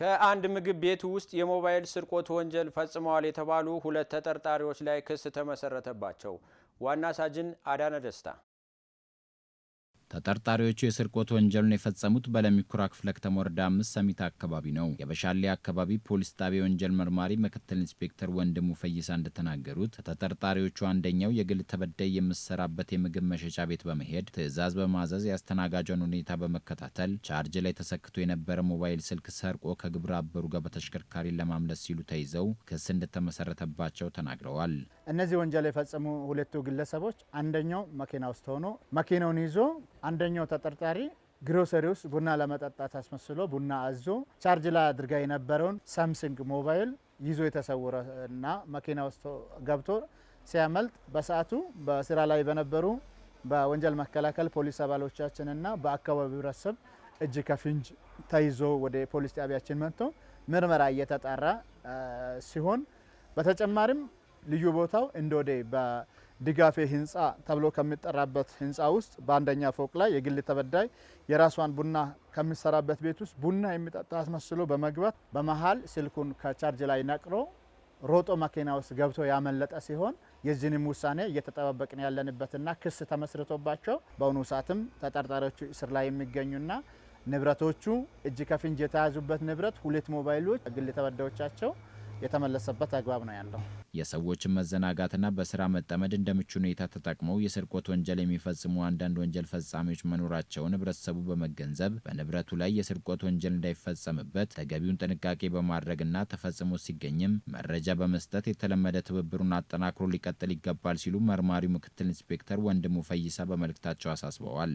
ከአንድ ምግብ ቤት ውስጥ የሞባይል ስርቆት ወንጀል ፈጽመዋል የተባሉ ሁለት ተጠርጣሪዎች ላይ ክስ ተመሰረተባቸው። ዋና ሳጅን አዳነ ደስታ ተጠርጣሪዎቹ የስርቆት ወንጀሉን የፈጸሙት በለሚኩራ ክፍለ ከተማ ወረዳ አምስት ሰሚታ አካባቢ ነው። የበሻሌ አካባቢ ፖሊስ ጣቢያ ወንጀል መርማሪ ምክትል ኢንስፔክተር ወንድሙ ፈይሳ እንደተናገሩት ከተጠርጣሪዎቹ አንደኛው የግል ተበዳይ የምሰራበት የምግብ መሸጫ ቤት በመሄድ ትዕዛዝ በማዘዝ ያስተናጋጀውን ሁኔታ በመከታተል ቻርጅ ላይ ተሰክቶ የነበረ ሞባይል ስልክ ሰርቆ ከግብረ አበሩ ጋር በተሽከርካሪ ለማምለስ ሲሉ ተይዘው ክስ እንደተመሰረተባቸው ተናግረዋል። እነዚህ ወንጀል የፈጸሙ ሁለቱ ግለሰቦች አንደኛው መኪና ውስጥ ሆኖ መኪናውን ይዞ አንደኛው ተጠርጣሪ ግሮሰሪ ውስጥ ቡና ለመጠጣት አስመስሎ ቡና አዞ ቻርጅ ላይ አድርጋ የነበረውን ሳምሰንግ ሞባይል ይዞ የተሰወረ እና መኪና ውስጥ ገብቶ ሲያመልጥ በሰዓቱ በስራ ላይ በነበሩ በወንጀል መከላከል ፖሊስ አባሎቻችንና በአካባቢው ህብረተሰብ እጅ ከፍንጅ ተይዞ ወደ ፖሊስ ጣቢያችን መጥቶ ምርመራ እየተጣራ ሲሆን በተጨማሪም ልዩ ቦታው እንዶዴ ድጋፌ ህንፃ ተብሎ ከሚጠራበት ህንፃ ውስጥ በአንደኛ ፎቅ ላይ የግል ተበዳይ የራሷን ቡና ከሚሰራበት ቤት ውስጥ ቡና የሚጠጣ አስመስሎ በመግባት በመሀል ስልኩን ከቻርጅ ላይ ነቅሮ ሮጦ መኪና ውስጥ ገብቶ ያመለጠ ሲሆን የዚህንም ውሳኔ እየተጠባበቅን ያለንበትና ክስ ተመስርቶባቸው በአሁኑ ሰዓትም ተጠርጣሪዎቹ እስር ላይ የሚገኙና ንብረቶቹ እጅ ከፍንጅ የተያዙበት ንብረት ሁለት ሞባይሎች ግል ተበዳዮቻቸው የተመለሰበት አግባብ ነው ያለው። የሰዎችን መዘናጋትና በስራ መጠመድ እንደምቹ ሁኔታ ተጠቅመው የስርቆት ወንጀል የሚፈጽሙ አንዳንድ ወንጀል ፈጻሚዎች መኖራቸውን ህብረተሰቡ በመገንዘብ በንብረቱ ላይ የስርቆት ወንጀል እንዳይፈጸምበት ተገቢውን ጥንቃቄ በማድረግና ተፈጽሞ ሲገኝም መረጃ በመስጠት የተለመደ ትብብሩን አጠናክሮ ሊቀጥል ይገባል ሲሉ መርማሪው ምክትል ኢንስፔክተር ወንድሙ ፈይሳ በመልእክታቸው አሳስበዋል።